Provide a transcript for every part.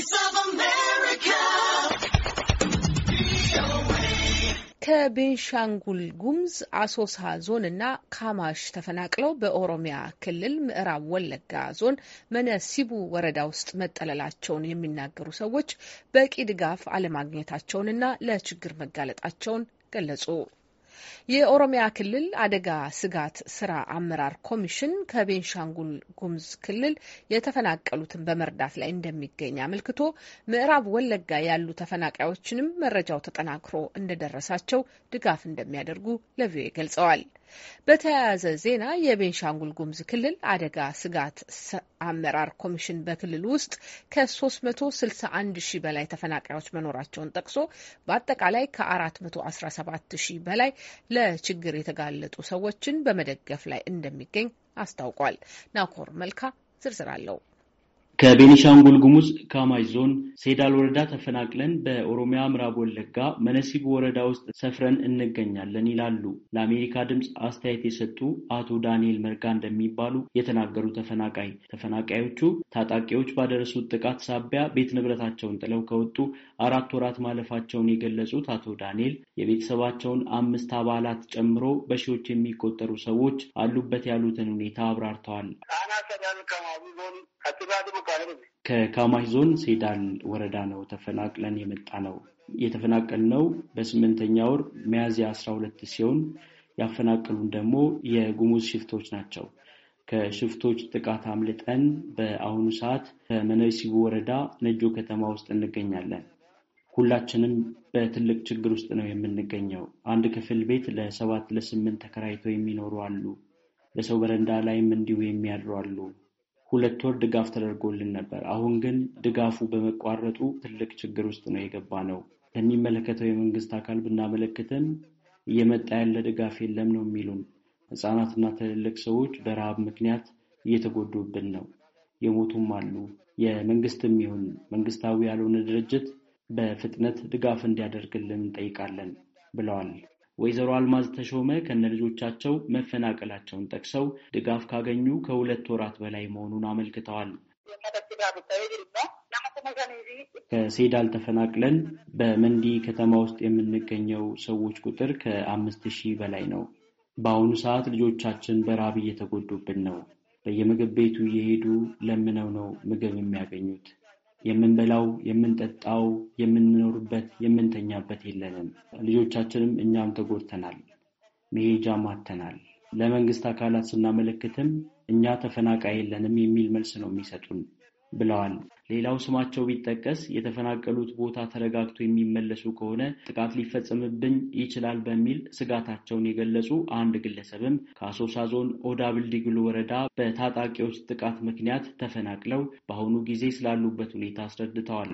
Voice of America. ከቤንሻንጉል ጉሙዝ አሶሳ ዞን እና ካማሽ ተፈናቅለው በኦሮሚያ ክልል ምዕራብ ወለጋ ዞን መነሲቡ ወረዳ ውስጥ መጠለላቸውን የሚናገሩ ሰዎች በቂ ድጋፍ አለማግኘታቸውንና ለችግር መጋለጣቸውን ገለጹ። የኦሮሚያ ክልል አደጋ ስጋት ስራ አመራር ኮሚሽን ከቤንሻንጉል ጉሙዝ ክልል የተፈናቀሉትን በመርዳት ላይ እንደሚገኝ አመልክቶ ምዕራብ ወለጋ ያሉ ተፈናቃዮችንም መረጃው ተጠናክሮ እንደደረሳቸው ድጋፍ እንደሚያደርጉ ለቪኦኤ ገልጸዋል። በተያያዘ ዜና የቤንሻንጉል ጉሙዝ ክልል አደጋ ስጋት አመራር ኮሚሽን በክልል ውስጥ ከ361 ሺህ በላይ ተፈናቃዮች መኖራቸውን ጠቅሶ በአጠቃላይ ከ417 ሺህ በላይ ለችግር የተጋለጡ ሰዎችን በመደገፍ ላይ እንደሚገኝ አስታውቋል። ናኮር መልካ ዝርዝር አለው። ከቤኒሻንጉል ጉሙዝ ካማይ ዞን ሴዳል ወረዳ ተፈናቅለን በኦሮሚያ ምዕራብ ወለጋ መነሲቡ ወረዳ ውስጥ ሰፍረን እንገኛለን ይላሉ። ለአሜሪካ ድምፅ አስተያየት የሰጡ አቶ ዳንኤል መርጋ እንደሚባሉ የተናገሩ ተፈናቃይ ተፈናቃዮቹ ታጣቂዎች ባደረሱት ጥቃት ሳቢያ ቤት ንብረታቸውን ጥለው ከወጡ አራት ወራት ማለፋቸውን የገለጹት አቶ ዳንኤል የቤተሰባቸውን አምስት አባላት ጨምሮ በሺዎች የሚቆጠሩ ሰዎች አሉበት ያሉትን ሁኔታ አብራርተዋል። ከካማሽ ዞን ሴዳል ወረዳ ነው ተፈናቅለን የመጣ ነው። የተፈናቀልነው በስምንተኛ ወር ሚያዝያ አስራ ሁለት ሲሆን ያፈናቀሉን ደግሞ የጉሙዝ ሽፍቶች ናቸው። ከሽፍቶች ጥቃት አምልጠን በአሁኑ ሰዓት በመነሲቡ ወረዳ ነጆ ከተማ ውስጥ እንገኛለን። ሁላችንም በትልቅ ችግር ውስጥ ነው የምንገኘው። አንድ ክፍል ቤት ለሰባት ለስምንት ተከራይተው የሚኖሩ አሉ። በሰው በረንዳ ላይም እንዲሁ የሚያድሩ አሉ። ሁለት ወር ድጋፍ ተደርጎልን ነበር። አሁን ግን ድጋፉ በመቋረጡ ትልቅ ችግር ውስጥ ነው የገባ ነው። ለሚመለከተው የመንግስት አካል ብናመለክትም እየመጣ ያለ ድጋፍ የለም ነው የሚሉን። ህጻናትና ትልልቅ ሰዎች በረሃብ ምክንያት እየተጎዱብን ነው። የሞቱም አሉ። የመንግስትም ይሁን መንግስታዊ ያልሆነ ድርጅት በፍጥነት ድጋፍ እንዲያደርግልን እንጠይቃለን ብለዋል። ወይዘሮ አልማዝ ተሾመ ከነልጆቻቸው መፈናቀላቸውን ጠቅሰው ድጋፍ ካገኙ ከሁለት ወራት በላይ መሆኑን አመልክተዋል። ከሴዳል ተፈናቅለን በመንዲ ከተማ ውስጥ የምንገኘው ሰዎች ቁጥር ከአምስት ሺህ በላይ ነው። በአሁኑ ሰዓት ልጆቻችን በራብ እየተጎዱብን ነው። በየምግብ ቤቱ እየሄዱ ለምነው ነው ምግብ የሚያገኙት። የምንበላው፣ የምንጠጣው፣ የምንኖርበት፣ የምንተኛበት የለንም። ልጆቻችንም እኛም ተጎድተናል፣ መሄጃ ማተናል ለመንግስት አካላት ስናመለክትም እኛ ተፈናቃይ የለንም የሚል መልስ ነው የሚሰጡን። ብለዋል። ሌላው ስማቸው ቢጠቀስ የተፈናቀሉት ቦታ ተረጋግቶ የሚመለሱ ከሆነ ጥቃት ሊፈጸምብኝ ይችላል በሚል ስጋታቸውን የገለጹ አንድ ግለሰብም ከአሶሳ ዞን ኦዳ ብልዲግሉ ወረዳ በታጣቂዎች ጥቃት ምክንያት ተፈናቅለው በአሁኑ ጊዜ ስላሉበት ሁኔታ አስረድተዋል።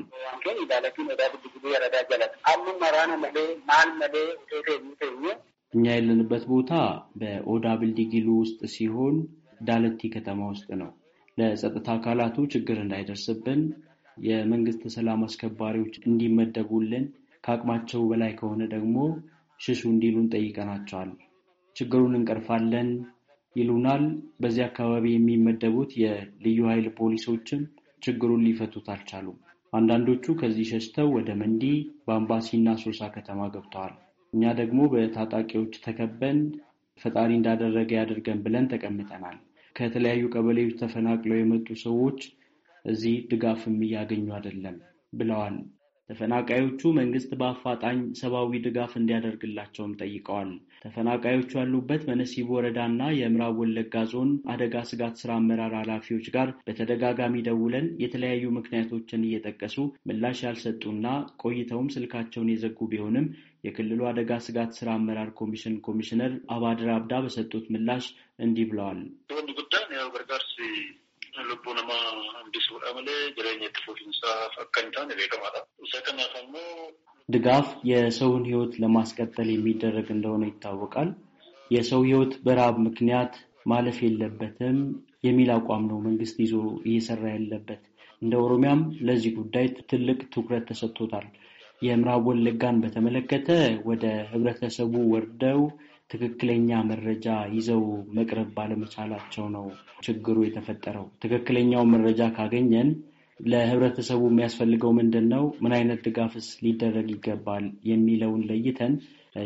እኛ ያለንበት ቦታ በኦዳ ብልዲግሉ ውስጥ ሲሆን ዳለቲ ከተማ ውስጥ ነው። ለጸጥታ አካላቱ ችግር እንዳይደርስብን የመንግስት ሰላም አስከባሪዎች እንዲመደቡልን ከአቅማቸው በላይ ከሆነ ደግሞ ሽሹ እንዲሉን ጠይቀናቸዋል። ችግሩን እንቀርፋለን ይሉናል። በዚህ አካባቢ የሚመደቡት የልዩ ኃይል ፖሊሶችም ችግሩን ሊፈቱት አልቻሉም። አንዳንዶቹ ከዚህ ሸሽተው ወደ መንዲ፣ በአምባሲና ሶሳ ከተማ ገብተዋል። እኛ ደግሞ በታጣቂዎች ተከበን ፈጣሪ እንዳደረገ ያደርገን ብለን ተቀምጠናል። ከተለያዩ ቀበሌዎች ተፈናቅለው የመጡ ሰዎች እዚህ ድጋፍም እያገኙ አይደለም ብለዋል። ተፈናቃዮቹ መንግስት በአፋጣኝ ሰብአዊ ድጋፍ እንዲያደርግላቸውም ጠይቀዋል። ተፈናቃዮቹ ያሉበት መነሲብ ወረዳ እና የምዕራብ ወለጋ ዞን አደጋ ስጋት ስራ አመራር ኃላፊዎች ጋር በተደጋጋሚ ደውለን የተለያዩ ምክንያቶችን እየጠቀሱ ምላሽ ያልሰጡና ቆይተውም ስልካቸውን የዘጉ ቢሆንም የክልሉ አደጋ ስጋት ስራ አመራር ኮሚሽን ኮሚሽነር አባድር አብዳ በሰጡት ምላሽ እንዲህ ብለዋል። lubbuu namaa hambisuudha malee jireenya itti fufiinsaa akka hin taane beekamaadha. Isa kanaaf ammoo ድጋፍ የሰውን ህይወት ለማስቀጠል የሚደረግ እንደሆነ ይታወቃል። የሰው ህይወት በረሃብ ምክንያት ማለፍ የለበትም የሚል አቋም ነው መንግስት ይዞ እየሰራ ያለበት። እንደ ኦሮሚያም ለዚህ ጉዳይ ትልቅ ትኩረት ተሰጥቶታል። የምዕራብ ወለጋን በተመለከተ ወደ ህብረተሰቡ ወርደው ትክክለኛ መረጃ ይዘው መቅረብ ባለመቻላቸው ነው ችግሩ የተፈጠረው። ትክክለኛው መረጃ ካገኘን ለህብረተሰቡ የሚያስፈልገው ምንድን ነው፣ ምን አይነት ድጋፍስ ሊደረግ ይገባል የሚለውን ለይተን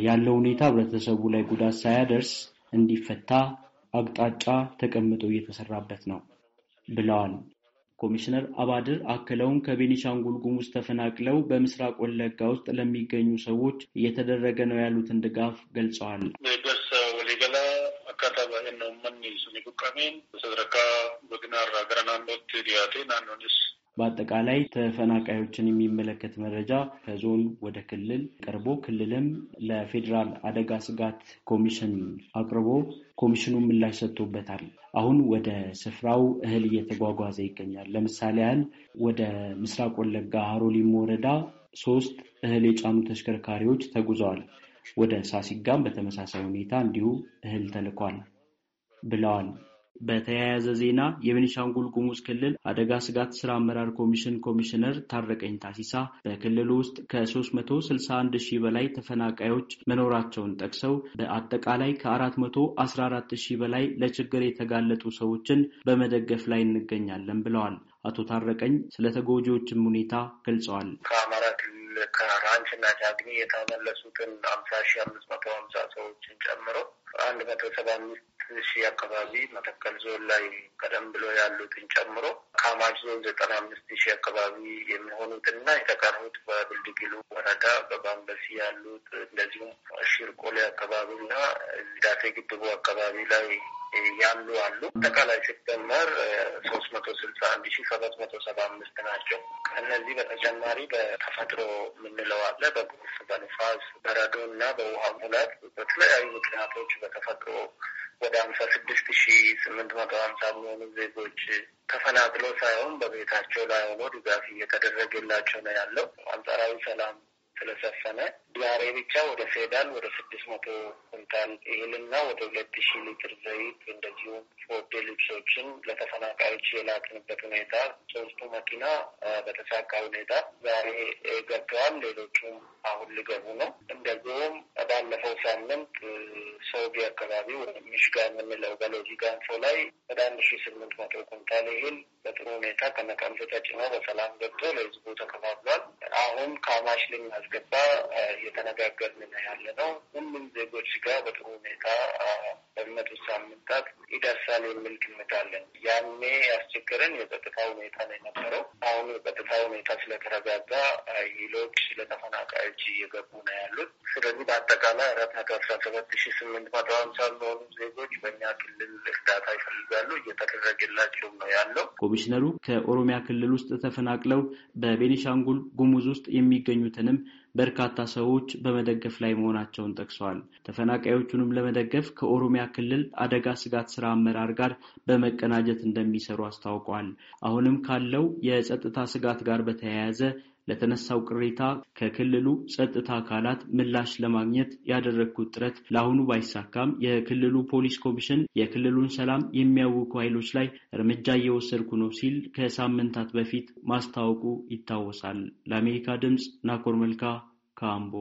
ያለው ሁኔታ ህብረተሰቡ ላይ ጉዳት ሳያደርስ እንዲፈታ አቅጣጫ ተቀምጦ እየተሰራበት ነው ብለዋል ኮሚሽነር አባድር አክለውም ከቤኒሻንጉል ጉሙዝ ተፈናቅለው በምስራቅ ወለጋ ውስጥ ለሚገኙ ሰዎች እየተደረገ ነው ያሉትን ድጋፍ ገልጸዋል። በአጠቃላይ ተፈናቃዮችን የሚመለከት መረጃ ከዞን ወደ ክልል ቀርቦ ክልልም ለፌዴራል አደጋ ስጋት ኮሚሽን አቅርቦ ኮሚሽኑ ምላሽ ሰጥቶበታል። አሁን ወደ ስፍራው እህል እየተጓጓዘ ይገኛል። ለምሳሌ ያህል ወደ ምስራቅ ወለጋ ሀሮሊም ወረዳ ሶስት እህል የጫኑ ተሽከርካሪዎች ተጉዘዋል። ወደ ሳሲጋም በተመሳሳይ ሁኔታ እንዲሁ እህል ተልኳል ብለዋል። በተያያዘ ዜና የቤኒሻንጉል ጉሙዝ ክልል አደጋ ስጋት ስራ አመራር ኮሚሽን ኮሚሽነር ታረቀኝ ታሲሳ በክልሉ ውስጥ ከ361 ሺህ በላይ ተፈናቃዮች መኖራቸውን ጠቅሰው በአጠቃላይ ከ414 ሺህ በላይ ለችግር የተጋለጡ ሰዎችን በመደገፍ ላይ እንገኛለን ብለዋል። አቶ ታረቀኝ ስለ ተጎጂዎችም ሁኔታ ገልጸዋል። ከአማራ ክልል ከራንችና ቻግኒ የተመለሱትን አምሳ ሺህ አምስት መቶ አምሳ ሰዎችን ጨምሮ አንድ መቶ ሰባ አምስት ሺህ አካባቢ መተከል ዞን ላይ ቀደም ብሎ ያሉትን ጨምሮ ካማሽ ዞን ዘጠና አምስት ሺህ አካባቢ የሚሆኑትና የተቀሩት በብልድግሉ ወረዳ በባንበሲ ያሉት እንደዚሁም ሽርቆሌ አካባቢና ዳሴ ግድቡ አካባቢ ላይ ያሉ አሉ። አጠቃላይ ሲደመር ሶስት መቶ ስልሳ አንድ ሺ ሰባት መቶ ሰባ አምስት ናቸው። ከእነዚህ በተጨማሪ በተፈጥሮ የምንለው አለ። በጎርፍ በንፋስ በረዶ እና በውሃ ሙላት በተለያዩ ምክንያቶች በተፈጥሮ ወደ ሀምሳ ስድስት ሺ ስምንት መቶ ሀምሳ የሚሆኑ ዜጎች ተፈናቅሎ ሳይሆን በቤታቸው ላይ ሆኖ ድጋፍ እየተደረገላቸው ነው ያለው። አንጻራዊ ሰላም ስለሰፈነ ዲያሬ ብቻ ወደ ፌዳል ወደ ስድስት መቶ ኩንታል እህልና ወደ ሁለት ሺ ሊትር ዘይት እንደዚሁም ፎርዴ ልብሶችን ለተፈናቃዮች የላክንበት ሁኔታ ሶስቱ መኪና በተሳካ ሁኔታ ዛሬ ገብተዋል። ሌሎቹም አሁን ሊገቡ ነው። እንደዚሁም ባለፈው ሳምንት ሶቢ አካባቢ ሚሽጋ የምንለው በሎጂ ጋንፎ ላይ ወደ አንድ ሺ ስምንት መቶ ኩንታል እህል በጥሩ ሁኔታ ከመቀምሶ ተጭኖ በሰላም ገብቶ ለህዝቡ ተከፋፍሏል። አሁን ካማሽ ልናስገባ እየተነጋገርን ነው ያለ ነው። ሁሉም ዜጎች ጋር በጥሩ ሁኔታ በሚመጡት ሳምንታት ይደርሳል የሚል ግምት አለን። ያኔ ያስቸገረን የጸጥታ ሁኔታ ነው የነበረው። አሁን የጸጥታ ሁኔታ ስለተረጋጋ ይሎች ለተፈናቃዮች እየገቡ ነው ያሉት። ስለዚህ በአጠቃላይ አራት መቶ አስራ ሰባት ሺ ስምንት መቶ ሀምሳ ለሆኑ ዜጎች በእኛ ክልል እርዳታ ይፈልጋሉ፣ እየተደረገላቸውም ነው ያለው። ኮሚሽነሩ ከኦሮሚያ ክልል ውስጥ ተፈናቅለው በቤኒሻንጉል ጉሙዝ ውስጥ የሚገኙትንም በርካታ ሰዎች በመደገፍ ላይ መሆናቸውን ጠቅሰዋል። ተፈናቃዮቹንም ለመደገፍ ከኦሮሚያ ክልል አደጋ ስጋት ስራ አመራር ጋር በመቀናጀት እንደሚሰሩ አስታውቋል። አሁንም ካለው የጸጥታ ስጋት ጋር በተያያዘ ለተነሳው ቅሬታ ከክልሉ ጸጥታ አካላት ምላሽ ለማግኘት ያደረግኩት ጥረት ለአሁኑ ባይሳካም የክልሉ ፖሊስ ኮሚሽን የክልሉን ሰላም የሚያውኩ ኃይሎች ላይ እርምጃ እየወሰድኩ ነው ሲል ከሳምንታት በፊት ማስታወቁ ይታወሳል። ለአሜሪካ ድምፅ ናኮር መልካ ካምቦ